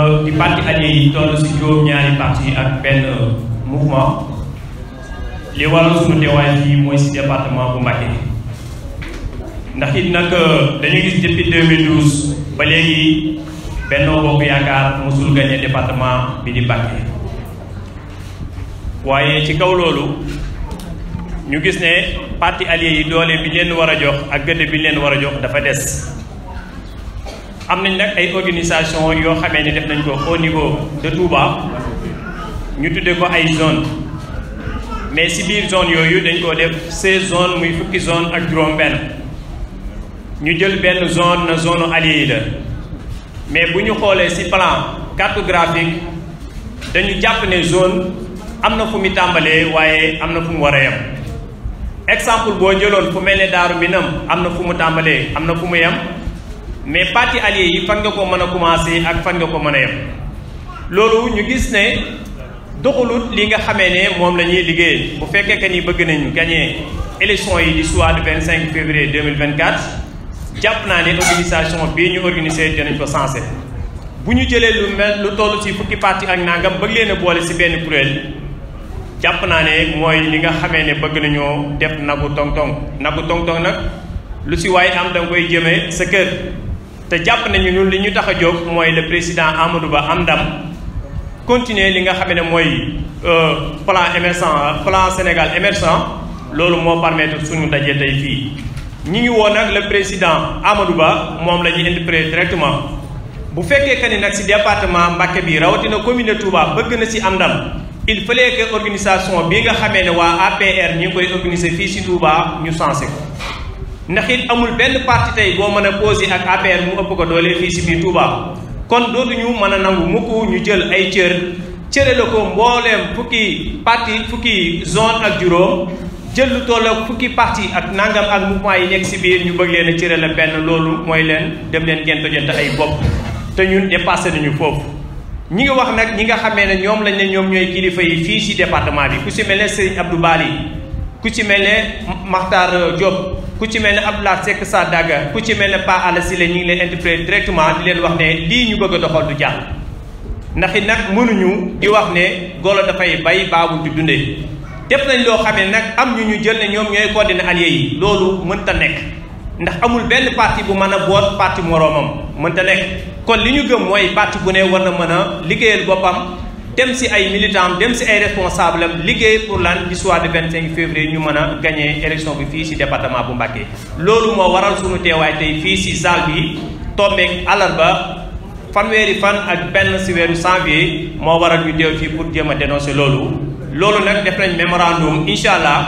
Euh, di parti alliés yi toll si juróom-ñaari parti ak benn mouvement li waral suñu teewaay fii mooy si département bu Mbacké ndax it nag euh, dañu gis depuis 2012 ba léegi Benno Bokk Yaakaar mosul gagné département bi di Mbacké waaye ci kaw loolu ñu gis ne parti alliés yi doole bi leen war a jox ak gëdd bi leen war a jox dafa des am nañ nag ay organisation yoo xamee ne def nañ ko au niveau de Touba ñu tuddee ko ay zone mais si biir zone yooyu dañ koo def seize zone muy fukki zone ak juróom-benn ñu jël benn zone na zone allié yi la mais bu ñu xoolee si plan bi dañu jàpp ne zone am na fu muy tàmbalee waaye am na fu mu war a yem exemple boo jëloon fu mel ne Daaru Minam am na fu mu tàmbalee am na fu mu yem. mais parti allié yi fan nga ko mën a commencé ak fan nga ko mën a yem loolu ñu gis ne doxalut li nga xamee ne moom la ñuy liggéey bu fekkee que ni bëgg nañu gagné élection yi di soir du 25 février 2024 jàpp naa ne organisation bii ñu organisé dinañ ko sensé bu ñu jëlee lu mel lu toll ci fukki parti ak nangam bëgg leen a boole ci benn kuréel jàpp naa ne mooy li nga xamee ne bëgg nañoo def nagu tong tong nagu tong tong nag lu ci waaye am danga koy jëmee sa kër. te jàpp nañu ñun li ñu tax a jóg mooy le président Amadou Ba am ndam continuer li nga xam ne mooy euh, plan émergent plan Sénégal émergent loolu moo permettre suñu dajee tey fii. ñi ngi woon nag le président Amadou Ba moom la ñu interpellé directement bu fekkee que ni nag si département Mbacké bi rawatina commune de bëgg na si am ndam il fallait que organisation bi nga xamee ne waa APR ñi koy organiser fii si Touba ñu sensé ko. ndax it amul benn parti tey boo mën a posé ak APR mu ëpp ko doole fii si biir Touba kon dootuñu mën a nangu mukk ñu jël ay cër cëre la ko mbooleem fukki parti fukki zone ak juróom jël lu toll ak fukki parti ak nangam ak mouvement yi nekk si biir ñu bëgg leen a cëre la benn loolu mooy leen dem leen ngeen tojante ay bopp te ñun dépassé nañu foofu. ñi ngi wax nag ñi nga xamee ne ñoom lañ ne ñoom ñooy kilifa yi fii si département bi ku si mel ne Serigne Abdou Bali ku ci mel ne maxtar euh, Diop ku ci mel ni laa Abdoulaye Seck Sadaga ku ci mel ne Pa Alla Sylla ñu ngi leen interpréter directement di leen wax ne lii ñu bëgg a doxal du jàll ndax it nag mënuñu di wax ne golo dafay bay baabul di dundee def nañ loo xamee nag am ñu ñu jël ne ñoom ñooy coordonné allié yi loolu mënta nekk ndax amul benn parti bu mën a boot parti moroomam mënta nekk kon li ñu gëm mooy parti bu ne war na mën a liggéeyal boppam dem si ay militant dem si ay responsable am liggéey pour lan ci soir de février ñu mën a gagné élection bi fii si département bu Mbacké loolu moo waral suñu teewaay tey fii si salle bi tombeek ba fanweeri fan ak benn si weeru janvier moo waral ñu teew fii pour jéem a dénoncer loolu loolu nag def nañ mémorandum incha allah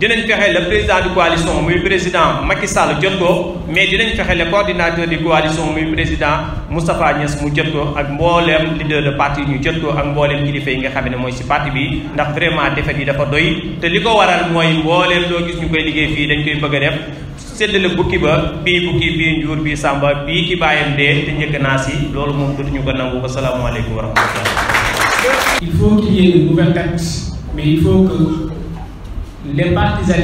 dinañ fexe le président de coalition muy président Macky Sall jot ko mais dinañ fexe le coordinateur de coalition muy président Moustapha Niass mu jot ko ak mbooleem leader de parti ñu jot ko ak mbooleem kilifa yi nga xam ne mooy si parti bi ndax vraiment defet yi dafa doy te li ko waral mooy mbooleem doo gis ñu koy liggéey fii dañ koy bëgg a def séddale bukki ba bii bukki bii njuur bii sàmba bii ki bàyyam dee te njëkk naa si loolu moom ñu ko nangu asalaamaaleykum wa rahmatullah il faut les partisans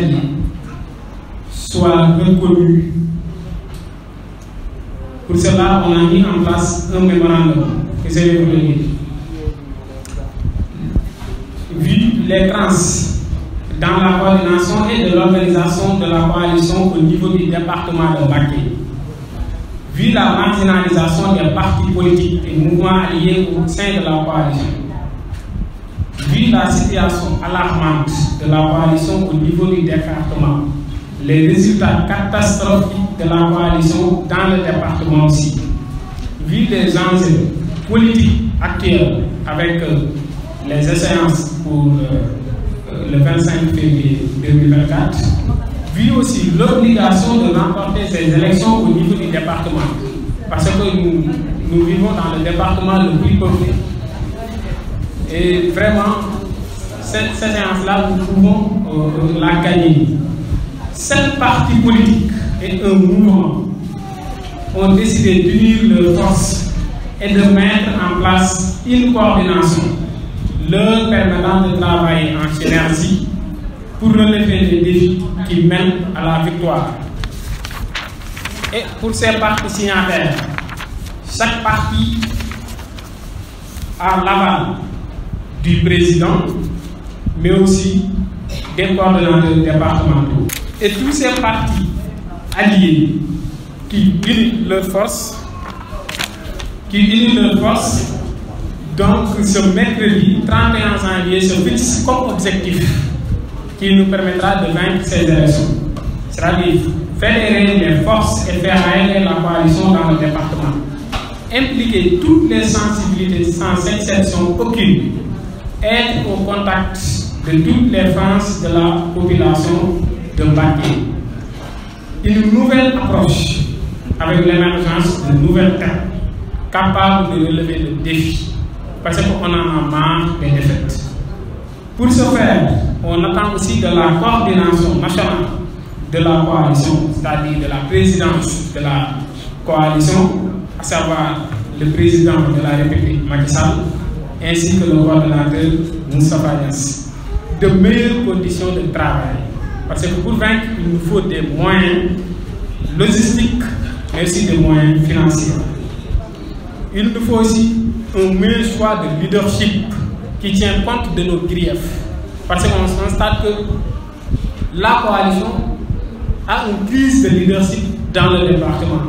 soient reconnus. Pour cela, on a mis en place un mémorandum que c'est le Vu trans dans la coordination et de l'organisation de la coalition au niveau du département de Mbacké, vu la marginalisation des partis politiques et mouvements alliés au sein de la coalition, la situation alarmante de la coalition au niveau du département, les résultats catastrophiques de la coalition dans le département aussi. Vu les enjeux politiques actuels avec euh, les échéances pour euh, euh, le 25 février aussi l'obligation de remporter ces élections au niveau du département, parce que nous, vivons dans le département le plus peuplé. Et vraiment, cette séance-là, nous pouvons euh, euh, la gagner. Sept partis politiques et un mouvement ont décidé d'unir leurs forces et de mettre en place une coordination leur permettant de travailler en synergie pour relever les défis qui mènent à la victoire. Et pour ces partis signataires, chaque parti a l'aval du président mais aussi des coordonnateurs départementaux. Et tous ces partis alliés qui unissent leurs forces, qui unissent leurs forces, donc ce mercredi 31 janvier se fixe comme objectif qui nous permettra de vaincre ces C'est-à-dire fédérer les forces et faire régner la coalition dans le département. Impliquer toutes les sensibilités sans exception aucune. Être au contact de toutes les franges de la population de Mbacké. Une nouvelle approche avec l'émergence de nouvelles têtes capables de relever le défi parce qu'on en a marre des Pour ce faire, on attend aussi de la coordination nationale de la coalition, c'est-à-dire de la présidence de la coalition, à savoir le président de la République Macky ainsi que le coordonnateur Moustapha Niasse. de meilleures conditions de travail. Parce que pour vaincre, il nous faut des moyens logistiques, mais aussi des moyens financiers. Il nous faut aussi un meilleur choix de leadership qui tient compte de nos griefs. Parce qu'on constate que la coalition a une crise de leadership dans le département.